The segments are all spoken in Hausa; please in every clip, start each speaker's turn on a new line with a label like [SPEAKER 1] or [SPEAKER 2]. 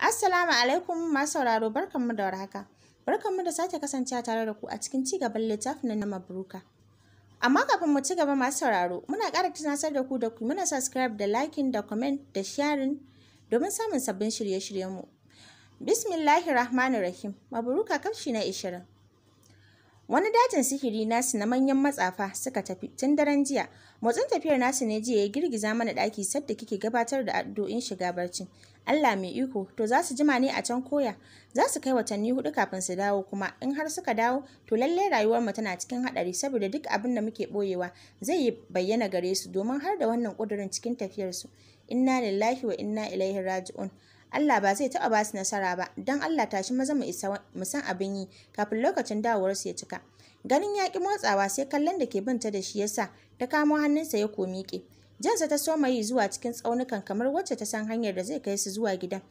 [SPEAKER 1] Assalamu alaikum masu sauraro barkanmu da warhaka. Barkanmu da sake kasancewa tare da ku a cikin ci gaban littafin na Mabruka. Amma kafin mu ci gaba masu sauraro, muna ƙara tunasar da ku da ku muna subscribe da liking da comment da sharing domin samun sabbin shirye-shiryenmu. Bismillahirrahmanirrahim. Rahim. Mabruka kamshi na ishirin. Wani dajin sihiri nasu na manyan matsafa suka tafi tun daren jiya. Motsin tafiyar nasu ne jiya ya girgiza mana ɗaki sadda kike gabatar da addu'o'in shiga barci. Allah mai iko, to za su jima ne a can koya. Za su kai watanni hudu kafin su dawo kuma in har suka dawo, to lallai rayuwar mu tana cikin haɗari saboda duk abin da muke ɓoyewa zai yi bayyana gare su domin har da wannan ƙudurin cikin tafiyarsu. Inna lillahi wa inna ilaihi raji'un. Allah ba zai taɓa ba su nasara ba, don Allah tashi maza mu isa mu san abin yi kafin lokacin dawowarsu ya cika. Ganin ya ƙi motsawa sai kallon da ke binta da shi ya sa ta kamo hannunsa ya komi komiƙe. Jansa ta soma yi zuwa cikin tsaunukan kamar wacce ta san hanyar da zai kai su zuwa gidan.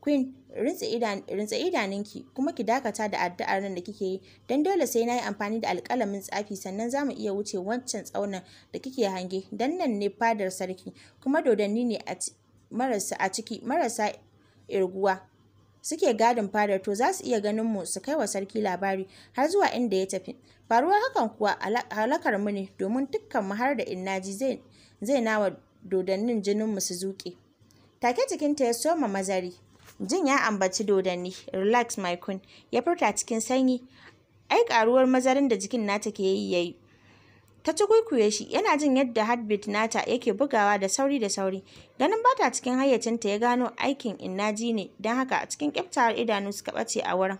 [SPEAKER 1] Queen, rintse idanunki kuma ki dakata da addu'ar nan da kike yi, don dole sai na yi amfani da alƙalamin tsafi sannan za mu iya wuce wancan tsaunin da kike hange, don nan ne fadar sarki, kuma dodanni ne a ciki marasa irguwa suke gadin fadar to za su iya ganin mu su kai wa sarki labari har zuwa inda ya tafi faruwar hakan kuwa halakar mu ne domin dukkan mu har da innaji zai zai nawa dodannin jinin mu su zuke take cikin ta ya soma mazari jin ya ambaci dodanni relax my queen ya furta cikin sanyi ai karuwar mazarin da jikin nata ke yi yayi ta tukuikuye shi yana jin yadda heartbeat nata yake bugawa da sauri da sauri ganin bata cikin hayyacinta ya gano aikin ji ne don haka a cikin kyaftawar idanu suka bace a wurin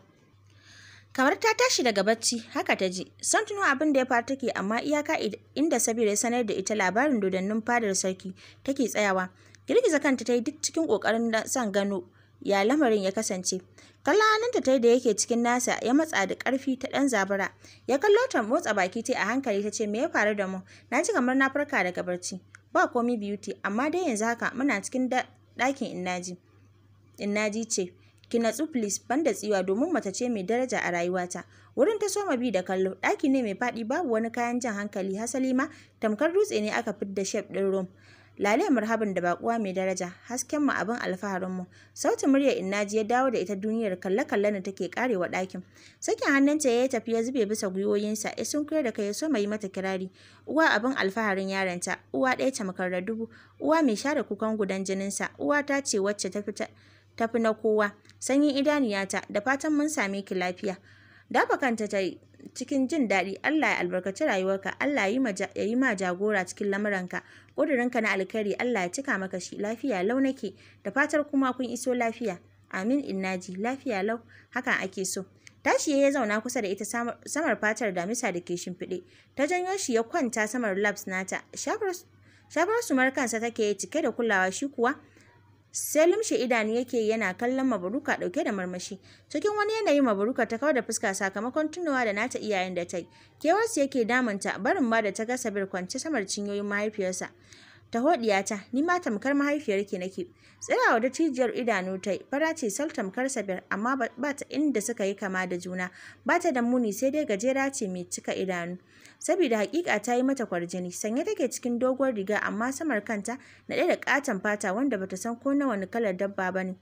[SPEAKER 1] kamar ta tashi daga bacci haka ta ji san tuno abin da ya faru take amma iyaka inda sabira ya sanar da ita labarin dodannin fadar sarki take tsayawa girgiza kanta ta yi duk cikin ƙoƙarin san gano ya lamarin ya kasance. Kallon hannunta ta da yake cikin nasa ya matsa da karfi ta ɗan zabara. Ya kallo ta motsa baki ta a hankali ta ce me ya faru da mu? Na ji kamar na farka daga barci. Ba komi beauty amma dai yanzu haka muna cikin ɗakin innaji. Innaji ce. Ki natsu please ban da tsiwa domin mace ce mai daraja a rayuwata. Wurin ta soma bi da kallo, ɗaki ne mai faɗi babu wani kayan jan hankali hasali ma tamkar dutse ne aka fidda shef ɗin rom. Lale marhaban da bakuwa mai daraja, hasken mu abin alfaharin mu. Sautin murya ji ya dawo da ita duniyar kalle-kalle da take karewa ɗakin. Sakin hannunta ya yi tafiya zube bisa gwiwoyinsa, ya sun da kai ya so mai mata kirari. Uwa abin alfaharin yaronta, uwa ɗaya da dubu, uwa mai share kukan gudan jininsa, uwa ta ce wacce ta fita tafi na kowa. Sanyin idaniyata, da fatan mun same ki lafiya. Dafa kanta ta cikin jin daɗi Allah ya albarkaci rayuwarka Allah ya yi ma jagora cikin lamuranka ƙudurinka na alkhairi Allah ya cika maka shi lafiya lau nake da fatar kuma kun iso lafiya amin innaji lafiya lau hakan ake so tashi ya zauna kusa da ita samar fatar damisa da ke shimfiɗe ta janyo shi ya kwanta samar labs nata shafar sumar kansa take cike da kulawa shi kuwa sai lumshe idanu yake yana kallon mabaruka dauke da marmashi cikin wani yanayi mabaruka ta kawo da fuska sakamakon tunawa da nata iyayen da ta yi kewarsu yake damunta barin ma da ta ga sabir kwance samar cinyoyin mahaifiyarsa ta ta, ni ma tamkar mahaifiyar ke nake tsirawa da cijiyar idanu ta yi. fara ce sal tamkar sabir amma ba ta inda suka yi kama da juna ba ta da muni sai dai gajera ce mai cika idanu saboda hakika ta yi mata kwarjini sanye take cikin doguwar riga amma samar kanta na ɗaya da katon fata wanda bata san ko nawa wani kalar dabba bane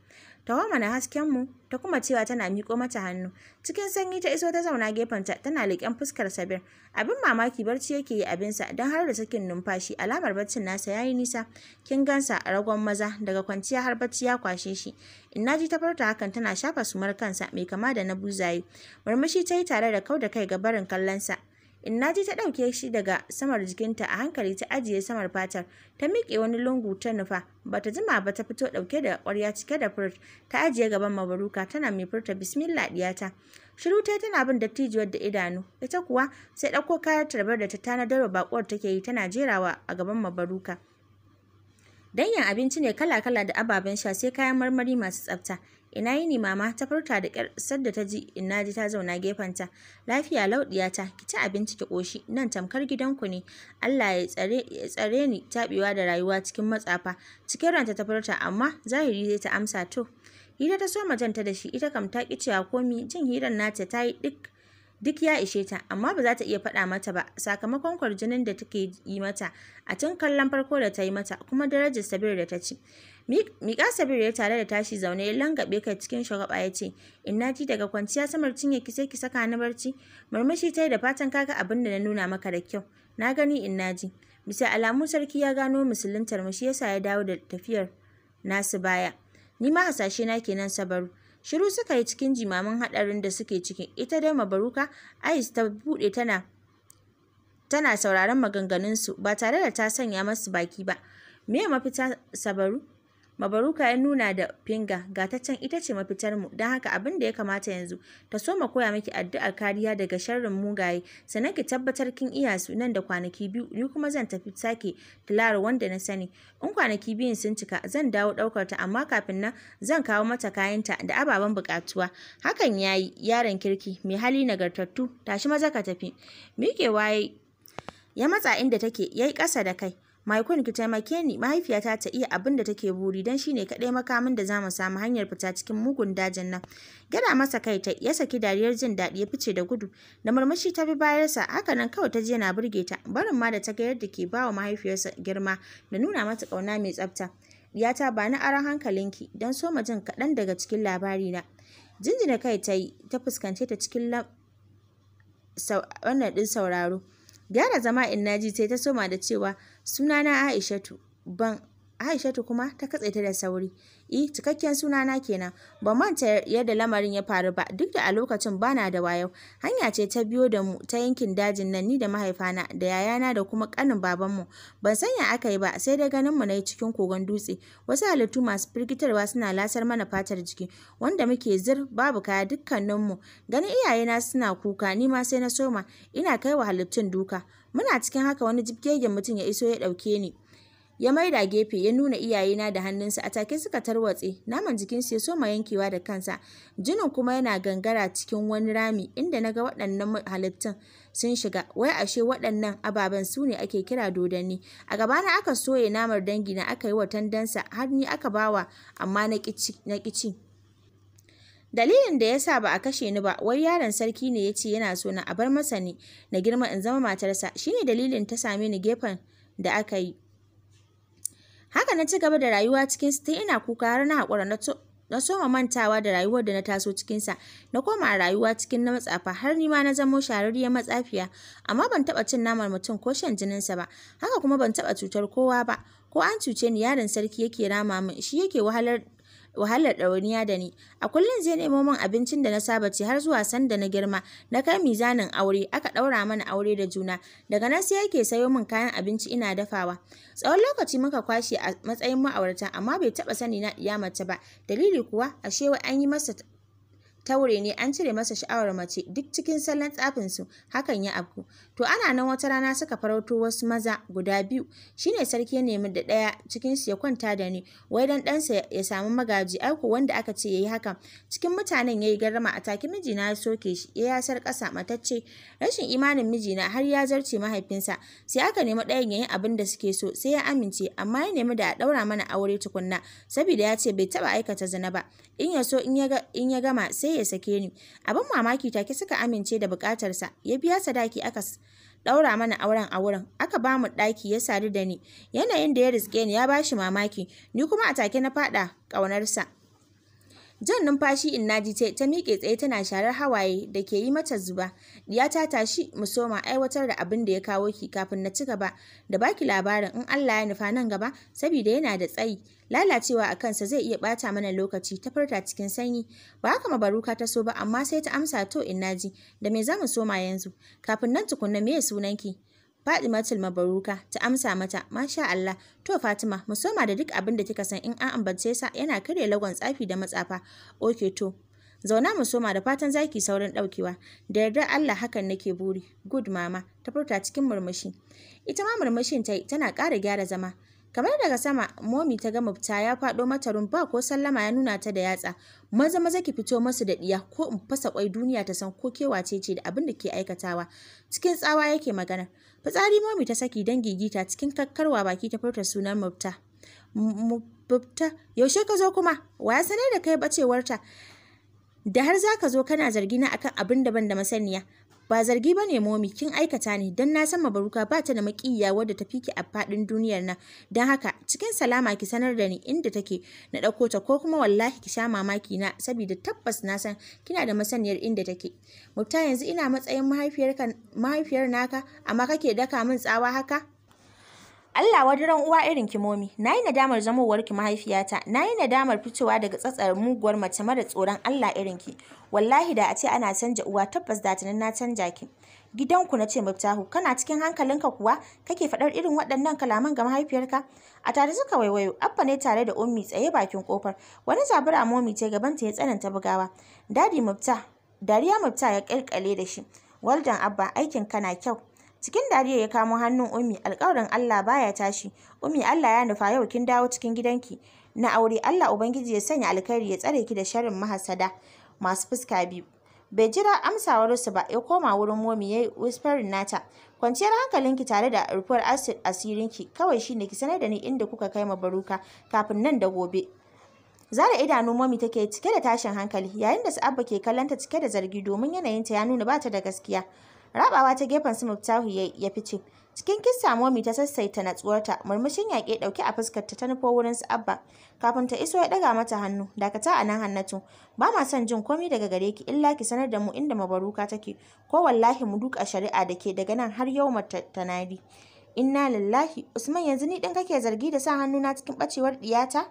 [SPEAKER 1] Tawama na hasken mu ta kuma cewa tana miƙo mata hannu. Cikin sanyi ta iso ta zauna gefenta tana leƙen fuskar Sabir. Abin mamaki barci yake yi abinsa don har da sakin numfashi alamar baccin nasa yayi nisa. Kin gansa a ragon maza daga kwanciya har barci ya kwashe shi. Inna ji ta farta hakan tana shafa sumar kansa mai kama da na buzaye. Murmushi ta yi tare da kau da kai ga barin kallonsa. Innaji ta ɗauke shi daga samar jikinta a hankali ta ajiye samar fatar, ta miƙe wani lungu ta nufa, ba ta jima ba ta fito ɗauke da ƙwarya cike da furt, ta ajiye gaban mabaruka tana mai furta bismillah ɗiyata. Shiru ta tana bin dattijuwar da idanu, ita kuwa sai ɗauko kayan tarbar da ta tanadar wa baƙuwar take yi tana jerawa a gaban mabaruka. Danyen abinci ne kala-kala da ababen sha sai kayan marmari masu tsafta. Ina yini mama ta furta da ƙyar sadda ta ji inna ji ta zauna gefenta. Lafiya lauɗiyata. ta ki ci abinci ki ƙoshi, nan tamkar gidanku ne. Allah ya tsare ya tsare ni taɓewa da rayuwa cikin matsafa. Cikin ranta ta furta amma zahiri zai ta amsa to. Hira ta so majanta da shi ita kam ta ƙi cewa komi jin hirar nata ta yi duk duk ya ishe ta amma ba za ta iya faɗa mata ba sakamakon kwarjinin da take yi mata a tun kallon farko da ta yi mata kuma darajar sabir da ta ci miƙa sabir ya tare da tashi zaune ya langabe kai cikin shagaba ya ce inna ji daga kwanciya samar cinye ki sai ki saka ni barci murmushi ta yi da fatan kaga abin da na nuna maka da kyau na gani inna ji bisa alamu sarki ya gano musuluntar mu shi yasa ya dawo da tafiyar nasu baya ni ma hasashe na kenan sabaru Shiru suka yi cikin jimamin haɗarin da suke ciki. Ita dai mabaruka, Ais ta buɗe tana tana sauraron maganganunsu ba tare da ta sanya masu baki ba. Me mafita Sabaru? Mabaruka ya nuna da finga, ga ta can ita ce mafitar mu don haka abin da ya kamata yanzu, ta so ma koya miki addu'ar kariya daga sharrin mugaye, sannan ki tabbatar kin iya su nan da kwanaki biyu, ni kuma zan tafi sake tilara wanda na sani. In kwanaki biyun sun cika, zan dawo ɗaukar ta, amma kafin nan zan kawo mata kayanta da ababen buƙatuwa. Hakan ya yi, yaron kirki, mai hali nagartattu, tashi maza ka tafi. waye ya matsa inda take, ya yi ƙasa da kai. Maikun ki taimake ni mahaifiyata ta iya abin da take buri don shine kaɗai makamin da za mu samu hanyar fita cikin mugun dajin nan. Gada masa kai ta ya saki dariyar jin daɗi ya fice da gudu da murmushi ta bi bayarsa haka nan kawai ta je na burge ta barin ma da ta ga yadda ke ba wa mahaifiyarsa girma da nuna mata kauna mai tsafta. ta ba ni aron hankalinki don soma jin kaɗan daga cikin labari na. Jinjina kai ta yi ta fuskance ta cikin wannan ɗin sauraro. Gyara zama na ji sai ta soma da cewa, sunana Aishatu, ban Aishatu kuma ta katse ta da sauri. I e, cikakken sunana kenan. Ban manta yadda lamarin ya faru ba duk da a lokacin bana da wayo. Hanya ce ta biyo da mu ta yankin dajin nan ni da mahaifana da yayana da kuma kanin babanmu. Ban sanya aka yi ba sai dai ganin mu na cikin kogon dutse. Wasu halittu masu firgitarwa suna lasar mana fatar jiki wanda muke zir babu kaya dukkaninmu. Ganin iyayena suna kuka ni ma sai na soma ina kai wa halittun duka. Muna cikin haka wani jibgegen mutum ya iso ya ɗauke ni. ya maida gefe ya nuna iyayena da hannunsa a take suka tarwatse naman jikinsu ya so ma yankewa da kansa jinin kuma yana gangara cikin wani rami inda naga waɗannan halittun sun shiga wai ashe waɗannan ababen su ne ake kira dodanni a gaba na aka soye namar dangi na aka yi wa tandansa har ni aka bawa amma na ƙici Dalilin da ya sa ba a kashe ni ba, wai yaron sarki ne ya ce yana so na a bar masa ne, na girma in zama matarsa, shine dalilin ta same ni gefen da aka yi. Haka na ci gaba da rayuwa cikin su tun ina kuka har na haƙura na soma mantawa da rayuwar da na taso cikinsa na koma a rayuwa cikin na matsafa har ni ma na zamo shararriyar matsafiya amma ban taɓa cin naman mutum ko shan jininsa ba haka kuma ban taɓa cutar kowa ba ko an cuce ni yaron sarki yake rama min shi yake wahalar wahalar ɗawainiya da ni. A kullum zai nemo min abincin da na saba ce har zuwa sanda na girma, na kai mizanin aure, aka ɗaura mana aure da juna. Daga nan sai yake sayo min kayan abinci ina dafawa. Tsawon lokaci muka kwashe a matsayin ma'aurata amma bai taɓa sani na iya mace ba. Dalili kuwa ashe wai an yi masa taure ne an cire masa sha'awar mace duk cikin salon tsafinsu hakan ya afku To ana nan wata rana suka farauto wasu maza guda biyu shine sarki ya nemi da ɗaya cikin su ya kwanta da ni wai dan ɗansa ya samu magaji aiko wanda aka ce yayi haka cikin mutanen yayi garrama a take mijina ya soke shi ya yasar ƙasa matacce rashin imanin mijina har ya zarce mahaifinsa sai aka nemi ɗayan yayin abin da suke so sai ya amince amma ya nemi da a ɗaura mana aure tukunna saboda ya ce bai taɓa aikata zina ba in ya so in ya gama sai ya sake ni abin mamaki take suka amince da buƙatarsa ya biya sadaki aka ɗaura mana auren a wurin aka ba mu ɗaki ya sadu da ni yanayin da ya riske ni ya bashi mamaki ni kuma a take na faɗa ƙaunarsa Jan numfashi in Innaji ce ta miƙe tsaye tana sharar hawaye da ke yi mata zuba. Ya ta tashi mu soma aiwatar da abin da ya kawo ki kafin na ci gaba da baki labarin in Allah ya nufa nan gaba saboda yana da tsayi. Lalacewa a kansa zai iya ɓata mana lokaci ta furta cikin sanyi. Ba haka Baruka ta so ba amma sai ta amsa to in Innaji da me za mu soma yanzu kafin nan tukunna me sunanki? Fadimatul Mabaruka ta amsa mata, "Masha Allah, to Fatima, mu soma da duk abin da kika san in an ambace sa yana karya lagon tsafi da matsafa." Oke to, Zauna mu soma da fatan zaki saurin ɗaukewa. Da yarda Allah hakan nake buri. Good mama, ta furta cikin murmushi. Ita ma murmushin ta tana ƙara gyara zama. Kamar daga sama, momi ta ga mafita ya faɗo mata ba ko sallama ya nuna ta da yatsa. Maza maza ki fito masu da ɗiya ko in fasa ƙwai duniya ta san ko kewace ce da abin da ke aikatawa. Cikin tsawa yake magana. Fitsari momi ta saki don gigita cikin kakkarwa baki ta furta sunan Mubta. Mubta, yaushe ka zo kuma? Wa ya sanar da kai bacewarta? da har za ka zo kana zargi na akan abin da ban da masaniya ba zargi ba ne momi kin aikata ne don na san mabaruka ba ta da makiyya wadda ta fike a faɗin duniyar nan don haka cikin salama ki sanar da ni inda take na ɗauko ta ko kuma wallahi ki sha mamaki na saboda tabbas na san kina da masaniyar inda take mutta yanzu ina matsayin mahaifiyar naka amma kake daka min tsawa haka Allah wadaran uwa irin kimomi, na yi nadamar zamowarki mahaifiyata, na yi nadamar fitowa daga tsatsar muguwar mace mara tsoron Allah irin ki. Wallahi da a ce ana canja uwa tabbas da tunan na canja ki. Gidanku na ce Miftahu, kana cikin hankalinka kuwa kake faɗar irin waɗannan kalaman ga mahaifiyarka? A tare suka waiwayo, Abba ne tare da Ummi tsaye bakin kofar. Wani zabura momi ce gabanta ya tsananta bugawa. Dadi mufta Dariya Miftah ya ƙirƙale da shi. Waldan Abba, aikin kana kyau. Cikin dariya ya kamo hannun Ummi, alƙawarin Allah baya tashi. Ummi Allah ya nufa yau kin dawo cikin gidanki. Na aure Allah Ubangiji ya sanya alkhairi ya tsare ki da sharrin mahasada masu fuska biyu. Bai jira amsawarsu ba ya koma wurin momi ya yi whispering nata. Kwanciyar hankalinki tare da rufuwar asirinki kawai shine ki sanar da ni inda kuka kai ma baruka kafin nan da gobe. Zara idanu momi take cike da tashin hankali yayin da su abba ke kallanta cike da zargi domin yanayinta ya nuna bata da gaskiya. rabawa ta gefen su muftahu ya fice cikin kissa momi ta sassaita natsuwarta murmushin yaƙe ɗauke a fuskar ta nufo wurin su abba kafin ta iso ya ɗaga mata hannu dakata a nan hannatu ba ma son jin komai daga gare ki illa ki sanar da mu inda mabaruka take ko wallahi mu duka shari'a da ke daga nan har yau tanadi inna lillahi usman yanzu ni din kake zargi da sa hannuna cikin ɓacewar diyata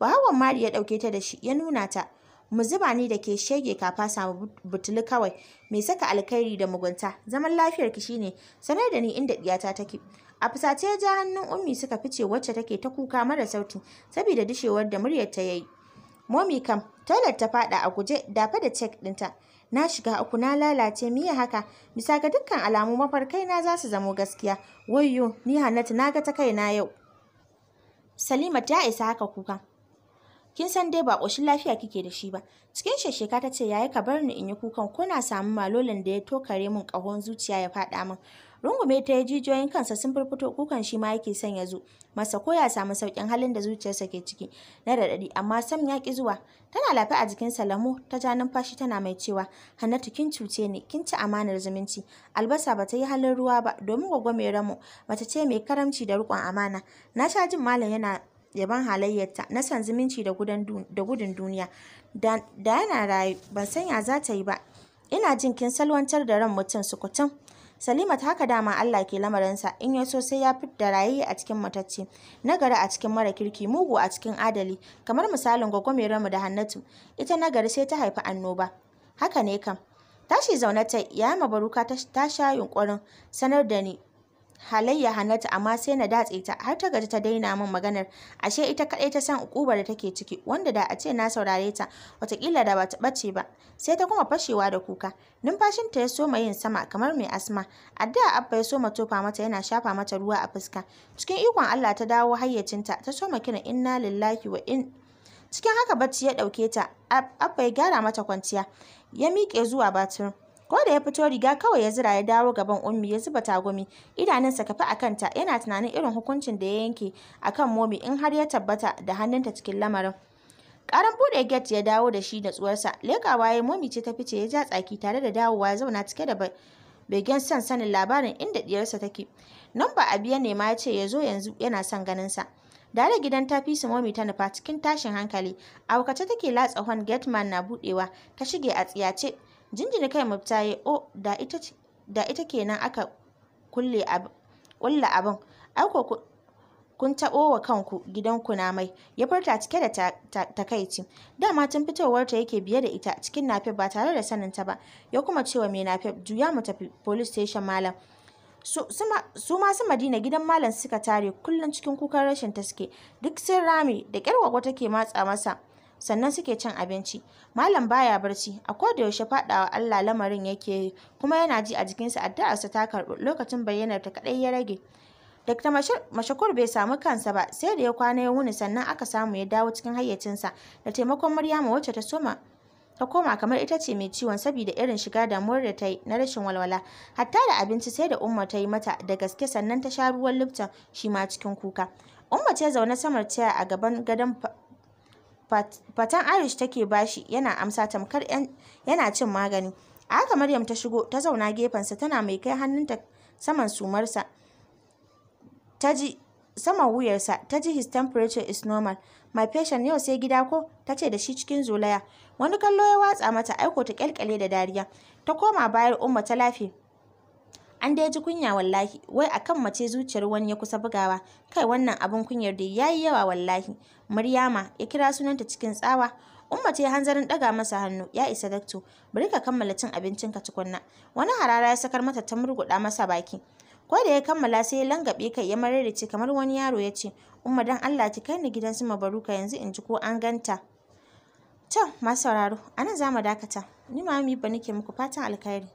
[SPEAKER 1] ba mari ya dauke ta da shi ya nuna ta mu zuba ni da ke shege kafa samu butulu kawai mai saka alkhairi da mugunta zaman lafiyar ki shine sanar da ni inda diyata take a fusace ya ja hannun ummi suka fice wacce take ta kuka mara sauti saboda dishewar da muryar ta yayi momi kam toilet ta fada a guje dafa da check dinta na shiga uku na lalace miya haka bisa ga dukkan alamu mafarkai na za su zamo gaskiya wayyo ni hannatu na ga ta kaina yau salima ta isa haka kuka kin san dai ba ƙoshin lafiya kike da shi ba cikin shesheka ta ce yayi ka bar ni in yi kukan Kuna na samu malolin da ya tokare min ƙahon zuciya ya faɗa min rungume ta yi jijiyoyin kansa sun firfito kukan shi ma yake son ya zo masa ko ya samu sauƙin halin da zuciyarsa ke ciki na raɗaɗi amma sam ya ƙi zuwa tana lafi a jikin salamu ta ja numfashi tana mai cewa hannatu kin cuce ni kin ci amanar zumunci albasa ba ta yi halin ruwa ba domin gwagwa ramu ramo mace ce mai karamci da riƙon amana na sha jin malam yana yaban halayyarta na san zumunci da gudun duniya da yana rayu ban san ya za ta yi ba ina jin kin salwantar da ran mutum sukutun Salima ta haka dama Allah ke lamarinsa in ya so sai ya da rayayya a cikin matacce nagari a cikin mara kirki mugu a cikin adali kamar misalin mu da Hannatu ita nagari sai ta haifi annoba haka ne kam tashi zaune ta ya mabaruka ta sha yunkurin sanar da ni halayya Hannatu amma sai na datse ta har ta gaji ta daina min maganar ashe ita kadai ta san ukubar da take ciki wanda da a ce na saurare ta watakila da ba ta bace ba sai ta kuma fashewa da kuka numfashin ta ya soma yin sama kamar mai asma adda abba ya soma tofa mata yana shafa mata ruwa a fuska cikin ikon Allah ta dawo hayyacinta ta soma kina inna lillahi wa in cikin haka bacci ya dauke ta abba ya gyara mata kwanciya ya miƙe zuwa batun Ko da ya fito riga kawai ya zira ya dawo gaban Ummi ya zuba tagumi, idanunsa kafa a kanta yana tunanin irin hukuncin da ya yanke a kan Momi in har ya tabbata da hannunta cikin lamarin. Karan bude Get ya dawo da shi da tsuwarsa, lekawa ya Momi ce ta fice ya ja tsaki tare da dawowa ya zauna cike da begen son sanin labarin inda diyarsa take. ba a biya ne ma ya ce ya zo yanzu yana son ganin sa. Dare gidan ta fi Momi ta nufa cikin tashin hankali, a take latsa hon man na buɗewa ta shige a tsiyace. jinjina kai mafita ya o oh, da ita da ita kenan aka kulle kulle abin ai kun taɓo wa kanku gidanku na mai ya furta cike da takaici dama tun fitowarta yake biye da ita cikin nafef ba tare da saninta ba ya kuma cewa mai nafe juya mu tafi police station malam su ma madina gidan malam suka tare kullum cikin kukan rashin taske duk sun rame da kyarwa take matsa masa sannan suke cin abinci malam baya barci a koda yaushe faɗawa Allah lamarin yake kuma yana ji a jikinsa addu'arsa ta karɓu lokacin bayyanar ta kaɗai ya rage Dr. Mashakur bai samu kansa ba sai da ya kwana ya wuni sannan aka samu ya dawo cikin hayyacinsa da taimakon Maryamu wacce ta soma ta koma kamar ita ce mai ciwon saboda irin shiga damuwar da ta yi na rashin walwala hatta da abinci sai da Umma ta yi mata da gaske sannan ta sha ruwan Lipton shi ma cikin kuka Umma ce zaune samar taya a gaban gadon fatan Irish take bashi yana amsa tamkar yana cin magani. A haka Maryam ta shigo ta zauna gefensa tana mai kai hannunta saman sumarsa. Ta ji saman wuyarsa ta ji his temperature is normal. My patient yau sai gida ko ta ce da shi cikin zolaya. Wani kallo ya watsa mata aiko ta kyalkyale da dariya. Ta koma bayar umma ta lafiya. An dai ji kunya wallahi, wai akan mace zuciyar wani ya kusa bugawa, kai wannan abin kunyar dai yayi yawa wallahi. Maryama ya kira sunanta cikin tsawa. Umma ta yi hanzarin daga masa hannu, ya isa dakto, bari ka kammala cin abincin ka tukunna. Wani harara ya sakar mata ta murguɗa masa baki. Ko da ya kammala sai ya langabe kai ya mararice kamar wani yaro ya ce, Umma dan Allah ki kai ni gidan su mabaruka yanzu in ji ko an ganta. To, masu sauraro, a za mu dakata. Ni ma ba nake muku fatan alkhairi.